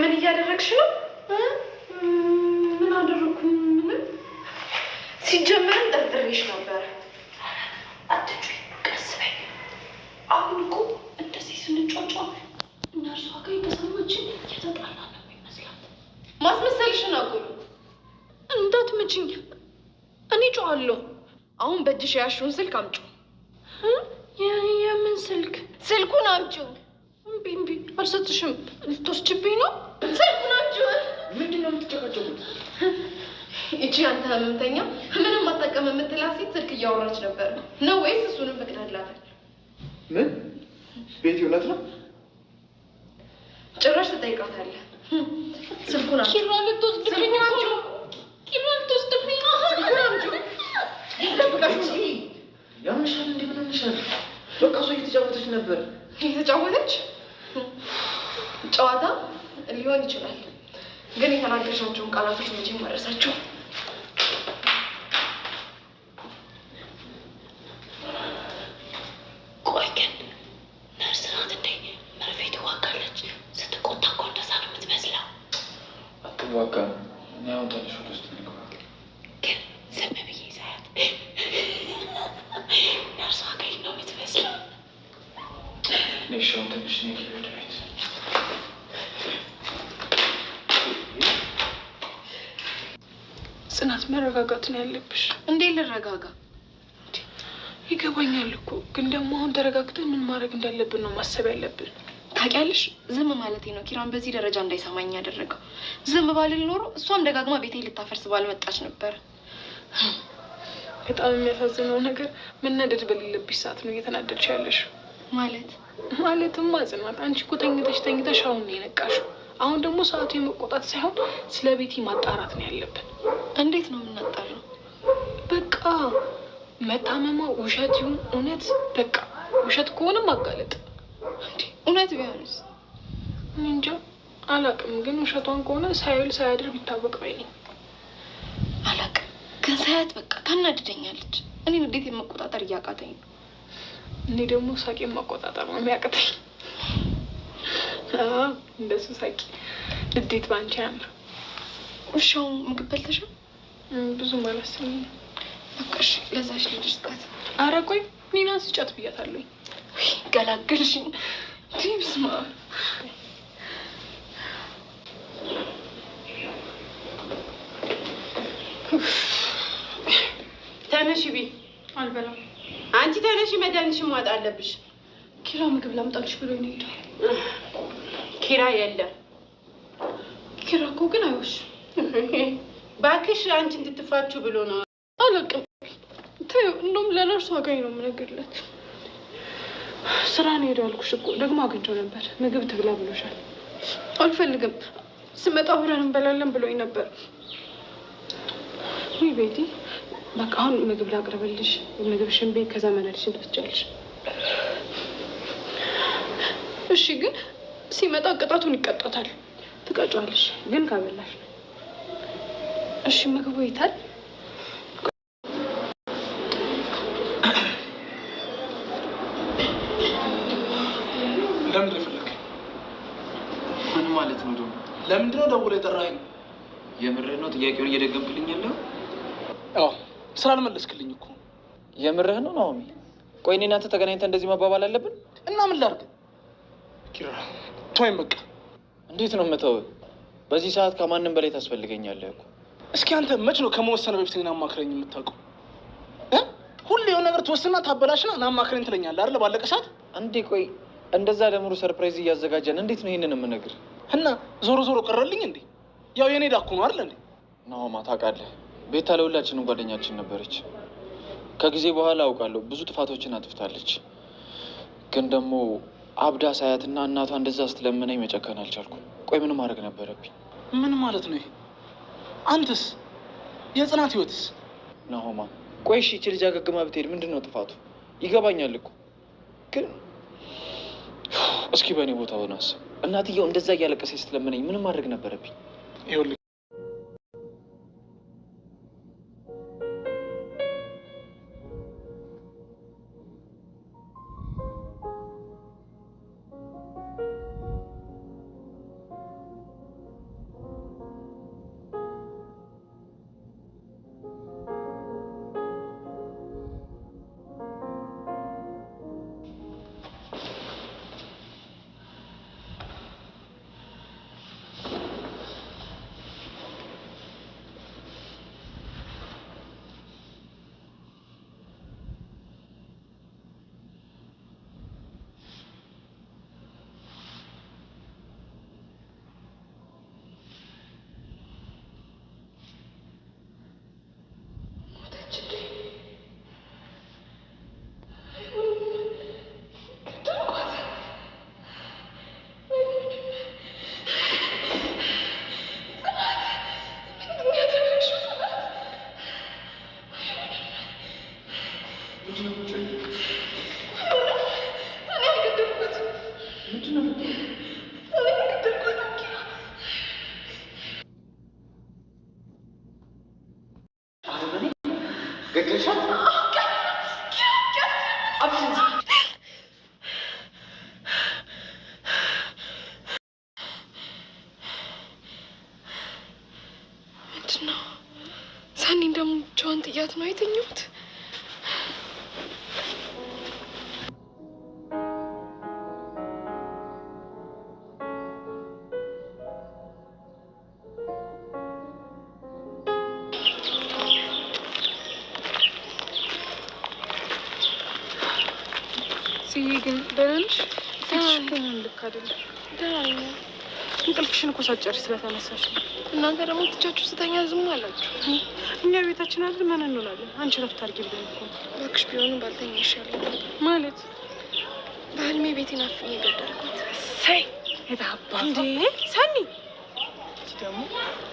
ምን እያደረግሽ ነው? ምን አደረኩም? ምን ሲጀመርም ጠርጥሬሽ ነበረ። አትጩ፣ ቀስ በይ። አሁን እኮ እንደዚህ ስንጫጫ እነርሷ ጋር የተሰማችን የተጣላ ነው ይመስላል። ማስመሰልሽን አቁሚ። እንዳትመችኝ፣ እኔ ጮኋለሁ። አሁን በእጅሽ ያሽውን ስልክ አምጪው። የምን ስልክ? ስልኩን አምጪው። እምቢ እምቢ፣ አልሰጥሽም። ልትወስጂብኝ ነው? ስልኩን አምጪው። ምንድን ነው የምትጨቀጨቁት? እቺ አንተ ህመምተኛ፣ ምንም አጠቀም የምትላት ሴት ስልክ እያወራች ነበር ነው ወይስ እሱንም ፈቅደህላታል? ምን ቤት እውነት ነው? ጭራሽ ትጠይቃታለህ። ስልኩን ኪራ ልትወስድብኝ ነው። ኪራ ልትወስድብኝ ነው። ያምሻል በቃ እሷ እየተጫወተች ነበር። እየተጫወተች ጨዋታ ሊሆን ይችላል፣ ግን የተናገርሻቸውን ቃላቶች መቼም መረሳቸው። ቆይ ነው እኔ አሁን ጽናት መረጋጋት ነው ያለብሽ። እንዴ ልረጋጋ? ይገባኛል እኮ ግን ደግሞ አሁን ተረጋግተን ምን ማድረግ እንዳለብን ነው ማሰብ ያለብን። ታውቂያለሽ፣ ዝም ማለቴ ነው ኪራን በዚህ ደረጃ እንዳይሰማኝ ያደረገው። ዝም ባልል ኖሮ እሷም ደጋግማ ቤቴ ልታፈርስ ባልመጣች ነበረ። በጣም የሚያሳዝነው ነገር መናደድ በሌለብሽ ሰዓት ነው እየተናደድሽ ያለሽ ማለት ማለትም ጽናት፣ አንቺ እኮ ተኝተሽ ተኝተሽ አሁን ነው የነቃሽው። አሁን ደግሞ ሰዓቱ የመቆጣት ሳይሆን ስለ ቤቲ ማጣራት ነው ያለብን። እንዴት ነው የምናጣራው? በቃ መታመማ ውሸት ይሁን እውነት፣ በቃ ውሸት ከሆነ ማጋለጥ። እውነት ቢሆንስ? እንጃ አላቅም፣ ግን ውሸቷን ከሆነ ሳይውል ሳያድር ቢታወቅ ባይ አላቅም፣ ግን ሳያት በቃ ታናድደኛለች። እኔ እንዴት የመቆጣጠር እያቃተኝ ነው እኔ ደግሞ ሳቄን መቆጣጠር ነው የሚያቅተኝ። እንደሱ ሳቂ ልዴት በአንቺ ያምር። ውሻው ምግብ በልተሻ? ብዙ ማለት ስለ በቃሽ። ለዛሽ ልጅ ስጣት። አረ ቆይ ኒና ስጫት ብያታለሁ። ገላገልሽኝ። ቲምስማ ተነሽ ቢ አልበላም አንቺ ተነሽ፣ መድኃኒትሽ ማጣ አለብሽ። ኪራ ምግብ ላምጣልሽ ብሎ ነው ሄደ። ኪራ የለም። ኪራ እኮ ግን አይወሽ ባክሽ፣ አንቺ እንድትፋችሁ ብሎ ነው። አላውቅም። ተይው፣ እንደውም ለነርሱ አጋኝ ነው የምነግርለት። ስራ ነው ሄደው አልኩሽ እኮ። ደግሞ አግኝቶ ነበር። ምግብ ትብላ ብሎሻል። አልፈልግም፣ ስመጣ አብረን እንበላለን ብሎኝ ነበር። ውይ ቤቲ በቃ አሁን ምግብ ላቅርብልሽ፣ ምግብ ሽንቤ ከዛ መናልሽን ትወስጃለሽ። እሺ፣ ግን ሲመጣ ቅጣቱን ይቀጣታል። ትቀጫዋለሽ፣ ግን ካበላሽ። እሺ፣ ምግቡ ይታል። ለምንድን ፈለክ? ምን ማለት ነው ደግሞ? ለምንድን ደውሎ የጠራኸኝ? የምሬ ነው። ጥያቄውን እየደገምክልኝ ያለው? አዎ ስላልመለስክልኝ እኮ የምርህ ነው ናሆሚ? ቆይ እኔ እናንተ ተገናኝተን እንደዚህ መባባል አለብን? እና ምን ላድርግ ኪራ፣ ተወይም በቃ። እንዴት ነው መተው? በዚህ ሰዓት ከማንም በላይ ታስፈልገኛለህ እኮ። እስኪ አንተ መች ነው ከመወሰነ በፊት ግን አማክረኝ የምታውቀው? ሁሌ የሆነ ነገር ትወስና ታበላሽና ናማክረኝ ትለኛለህ አይደል? ባለቀ ሰዓት እንዴ። ቆይ እንደዛ ደምሩ ሰርፕራይዝ እያዘጋጀን እንዴት ነው ይህንን የምነግር? እና ዞሮ ዞሮ ቀረልኝ እንዴ? ያው የኔ ዳኩ ነው አይደል እንዴ? ናሆማ ታውቃለህ ቤታ ለሁላችንም ጓደኛችን ነበረች። ከጊዜ በኋላ አውቃለሁ ብዙ ጥፋቶችን አጥፍታለች። ግን ደግሞ አብዳ ሳያትና እናቷ እንደዛ ስትለምነኝ መጨከን አልቻልኩም። ቆይ ምን ማድረግ ነበረብኝ? ምን ማለት ነው አንተስ የጽናት ህይወትስ? ናሆማ ቆይ እሺ፣ ልጅ አገግማ ብትሄድ ምንድን ነው ጥፋቱ? ይገባኛል እኮ ግን እስኪ በእኔ ቦታ ሆነ እናትየው እንደዛ እያለቀሰች ስትለምነኝ ምን ማድረግ ነበረብኝ? እንቅልፍሽን እኮ ሳትጨርሽ ስለተነሳሽ እናንተ ደግሞ ትቻችሁ ስተኛ ዝም አላችሁ። እኛ ቤታችን አለ ምን እንውላለን። አንቺ ረፍት አድርጊ ብለን እኮ እባክሽ፣ ቢሆንም ባልተኛ ይሻላል። ማለት በህልሜ ቤቴን አፍኜ ገደልኩት። ሳይ የታባ እንዴ ሰኒ ደግሞ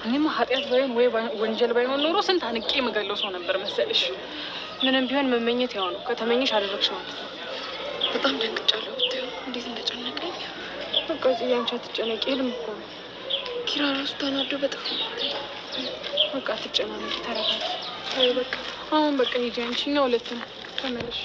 እኔማ ኃጢአት ባይሆን ወይ ወንጀል ባይሆን ኖሮ ስንት አንቄ የምገለው ሰው ነበር መሰልሽ። ምንም ቢሆን መመኘት ያው ነው። ከተመኘሽ አደረግሽ ማለት ነው። በጣም ደንግጫለሁ። እንዴት እንደጨነቀኝ በቃ ጽዬ፣ አንቺ አትጨነቂ። ህልም እኮ ነው። ኪራ ራሱ ተናዶ በጥፍ በቃ አትጨናነቂ፣ ተረጋጊ። በቃ አሁን በቃ ሂጂ አንቺ፣ እኛ ሁለት ነው። ተመለሽ።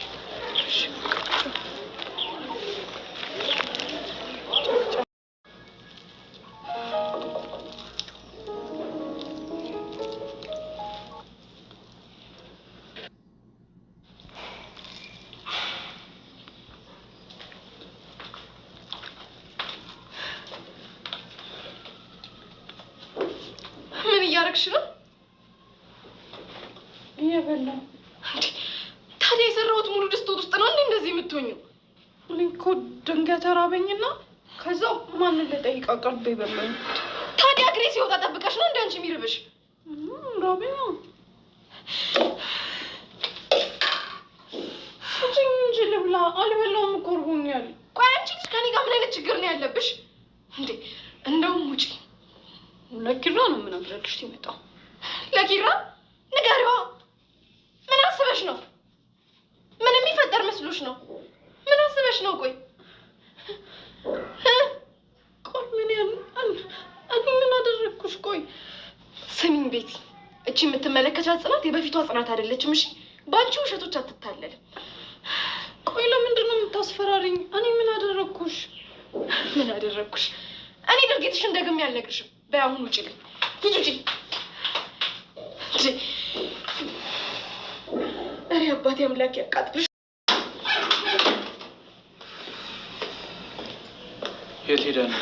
እየበላሽ ነው? እየበላሁ። ታዲያ የሰራሁት ሙሉ ድስቶት ውስጥ ነው እንደዚህ እኔ እኮ ድንገት ተራበኝና ከዛው ማንን ልጠይቅ አቅርቤ ታዲያ እግሬ ሲወጣ ጠብቀሽ ነው እንደ አንቺ የሚርብሽ? ራበኝ ይዘሽ ይመጣው። ለኪራ ንገሪዋ። ምን አስበሽ ነው? ምን የሚፈጠር መስሎሽ ነው? ምን አስበሽ ነው? ቆይ ቆይ፣ ምን ያን እኔ ምን አደረግኩሽ? ቆይ ስሚኝ ቤቲ፣ እቺ የምትመለከቻት ጽናት የበፊቷ ጽናት አይደለችም። እሺ፣ በአንቺ ውሸቶች አትታለልም። ቆይ ለምንድን ነው የምታስፈራሪኝ? እኔ ምን አደረግኩሽ? ምን አደረግኩሽ? እኔ ድርጊትሽ እንደግሜ አልነግርሽም። በይ አሁን ውጪ ልኝ። ሂጂ ውጪ። ኧረ አባቴ አምላክ ያቃጥልሽ። የት ሄዳ ነው?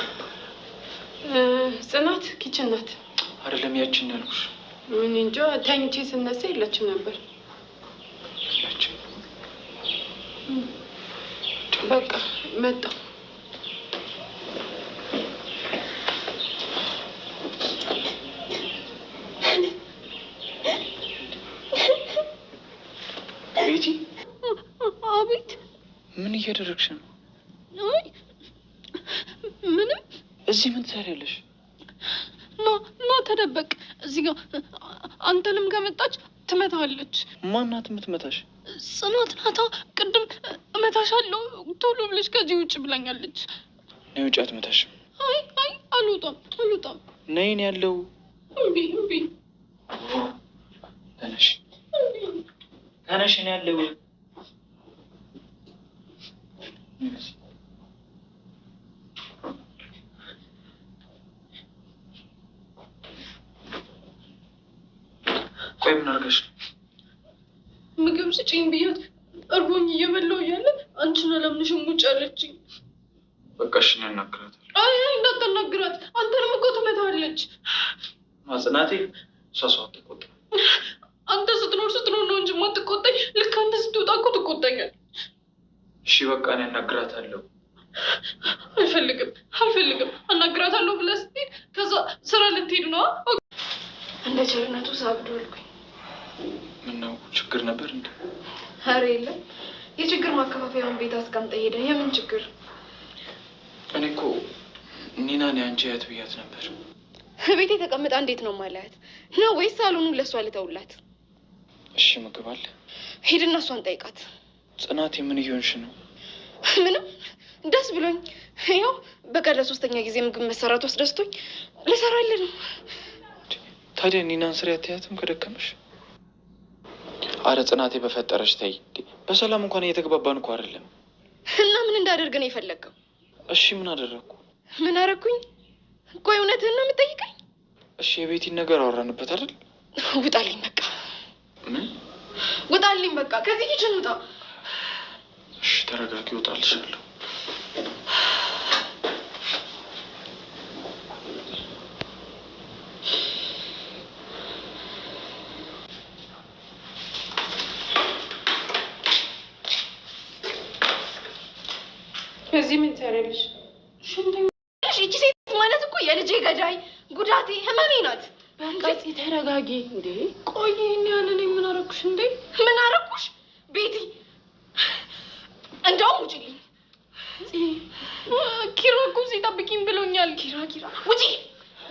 ጽናት ኪችን ናት። አይደለም ያችን ያልኩሽ። ተኝቼ ስነሳ የለችም ነበር። በቃ መጣሁ። ቤቲ! አቤት! ምን እያደረግሽ ነው? ምንም። እዚህ ምን ትሰሪያለሽ? ና ና፣ ተደበቅ እዚህ ጋር። አንተንም ከመጣች ትመታለች። ማናት የምትመታሽ? ጽናት ናታ። ቅድም እመታሻለሁ ቶሎ ብለሽ ከዚህ ውጭ ብላኛለች። ነይ ውጭ። አትመታሽም። አይ አይ፣ አልወጣም፣ አልወጣም። ነይን ያለው እምቢ፣ እምቢ ነው ያለው። ቆይ ምን አድርገሽ ምግብ ስጭኝ ብያት እርቦኝ እየበላሁ እያለ አንቺን አላምንሽም ውጭ አለችኝ። በቃ እሺ አይ እንዳታናግራት፣ አንተንም እኮ ትመታለች። ማጽናቴ እሷ ሰው አትቆጣም። አንተ ስትኖር ስትኖር ነው የማትቆጣኝ ልክ አንተ ስትወጣ እኮ ትቆጣኛል። እሺ በቃ እኔ አናግራታለሁ። አልፈልግም፣ አልፈልግም። አናግራታለሁ ብለህ ስትሄድ ከዛ ስራ ልትሄድ ነዋ። እንደ ቸርነቱ ሳብዶ አልኩኝ። ምነው ችግር ነበር እንደ? ኧረ የለም። የችግር ማከፋፈያውን ቤት አስቀምጠ ሄደ የምን ችግር? እኔ እኮ ኒናን አንቺ እህት ብያት ነበር። ቤቴ ተቀምጣ እንዴት ነው ማለያት ነው ወይስ ሳሎኑን ለእሷ ልተውላት? እሺ ምግብ አለ። ሄድና እሷን ጠይቃት። ጽናት የምን እየሆንሽ ነው? ምንም ደስ ብሎኝ ው በቀለ ለሶስተኛ ጊዜ ምግብ መሰራቱ አስደስቶኝ ልሰራልህ ነው። ታዲያ እኔናን ስሪ አትያትም ከደከመሽ? አረ ጽናቴ በፈጠረች ተይ። በሰላም እንኳን እየተግባባን እኮ አይደለም። እና ምን እንዳደርግ ነው የፈለገው? እሺ ምን አደረግኩ? ምን አደረግኩኝ? ቆይ እውነትህን ነው የምጠይቀኝ? እሺ የቤቲን ነገር አወራንበት አይደል? ውጣልኝ በቃ ውጣልኝ፣ በቃ ከዚህ ኪችን ውጣ። እሺ ተረጋጊ፣ እወጣልሻለሁ። እዚህ ምን ትያለሽ? እቺ ሴት ማለት እኮ የልጄ ገዳይ፣ ጉዳቴ፣ ህመሜ ናት። በቃ ተረጋጊ። እንዴ ቆይ ይህን ያህል እኔ ምን አደረኩሽ? እንዴ ምን አደረኩሽ? ቤቲ እንደውም ውጪልኝ። ኪራ እኮ ሲጠብቂኝ ብሎኛል። ኪራ ኪራ፣ ውጪ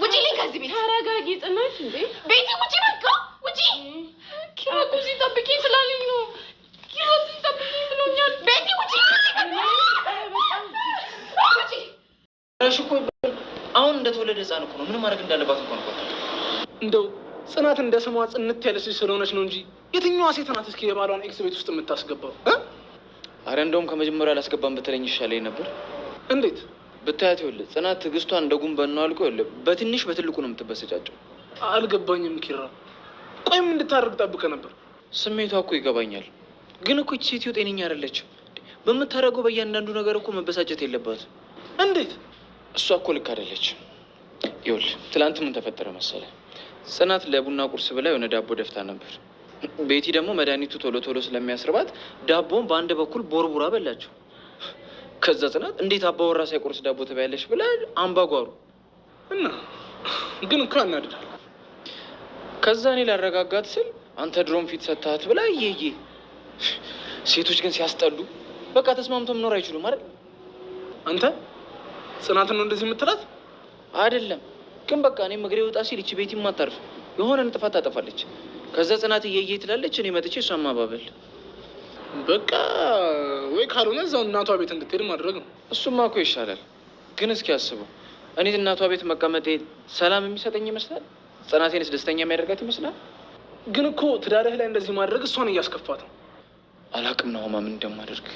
ውጪልኝ ከዚህ ቤት። ተረጋጊ ጥናት እንዴ ቤቲ ውጪ፣ በቃ ውጪ። ኪራ እኮ ሲጠብቂኝ ስላለኝ ነው። ኪራ ሲጠብቂኝ ብሎኛል። ቤቲ ውጪ፣ ውጪ። እሺ አሁን እንደተወለደ ህፃን እኮ ነው። ምንም ማድረግ እንዳለባት እኮ ነው እንደው ጽናት እንደ ስሟ ጽንት ያለች ልጅ ስለሆነች ነው እንጂ የትኛዋ ሴት ናት እስኪ የባሏን ኤክስ ቤት ውስጥ የምታስገባው? አረ እንደውም ከመጀመሪያ አላስገባም በተለኝ ይሻለኝ ነበር። እንዴት ብታያት ይኸውልህ፣ ጽናት ትግስቷ እንደ ጉንበን ነው አልቆ ይኸውልህ፣ በትንሽ በትልቁ ነው የምትበሰጫቸው። አልገባኝም ኪራ፣ ቆይም እንድታደርግ ጠብቀ ነበር? ስሜቷ እኮ ይገባኛል፣ ግን እኮ ሴትዮ ጤነኛ አይደለችም። በምታደርገው በእያንዳንዱ ነገር እኮ መበሳጨት የለባትም። እንዴት? እሷ እኮ ልክ አይደለችም። ይኸውልህ፣ ትላንት ምን ተፈጠረ መሰለህ ጽናት ለቡና ቁርስ ብላ የሆነ ዳቦ ደፍታ ነበር። ቤቲ ደግሞ መድኃኒቱ ቶሎ ቶሎ ስለሚያስርባት ዳቦን በአንድ በኩል ቦርቡራ በላቸው። ከዛ ጽናት እንዴት አባወራ ሳይቆርስ ዳቦ ትበያለሽ ብላ አምባጓሩ እና ግን እኮ አናድዳል። ከዛ እኔ ላረጋጋት ስል አንተ ድሮም ፊት ሰታት ብላ እየዬ። ሴቶች ግን ሲያስጠሉ በቃ ተስማምቶ መኖር አይችሉም አይደል? አንተ ጽናትን ነው እንደዚህ የምትላት አይደለም ግን በቃ እኔ መግሬ ወጣ ሲል እቺ ቤቲ ማታርፍ የሆነን ጥፋት ታጠፋለች። ከዛ ጽናት እየየ ትላለች። እኔ መጥቼ እሷ ማባበል በቃ ወይ ካልሆነ እዛው እናቷ ቤት እንድትሄድ ማድረግ ነው። እሱማ እኮ ይሻላል። ግን እስኪ አስበው፣ እኔ እናቷ ቤት መቀመጤ ሰላም የሚሰጠኝ ይመስላል? ጽናቴንስ ደስተኛ የሚያደርጋት ይመስላል? ግን እኮ ትዳርህ ላይ እንደዚህ ማድረግ እሷን እያስከፋት ነው። አላቅም ነው ማምን እንደማደርግ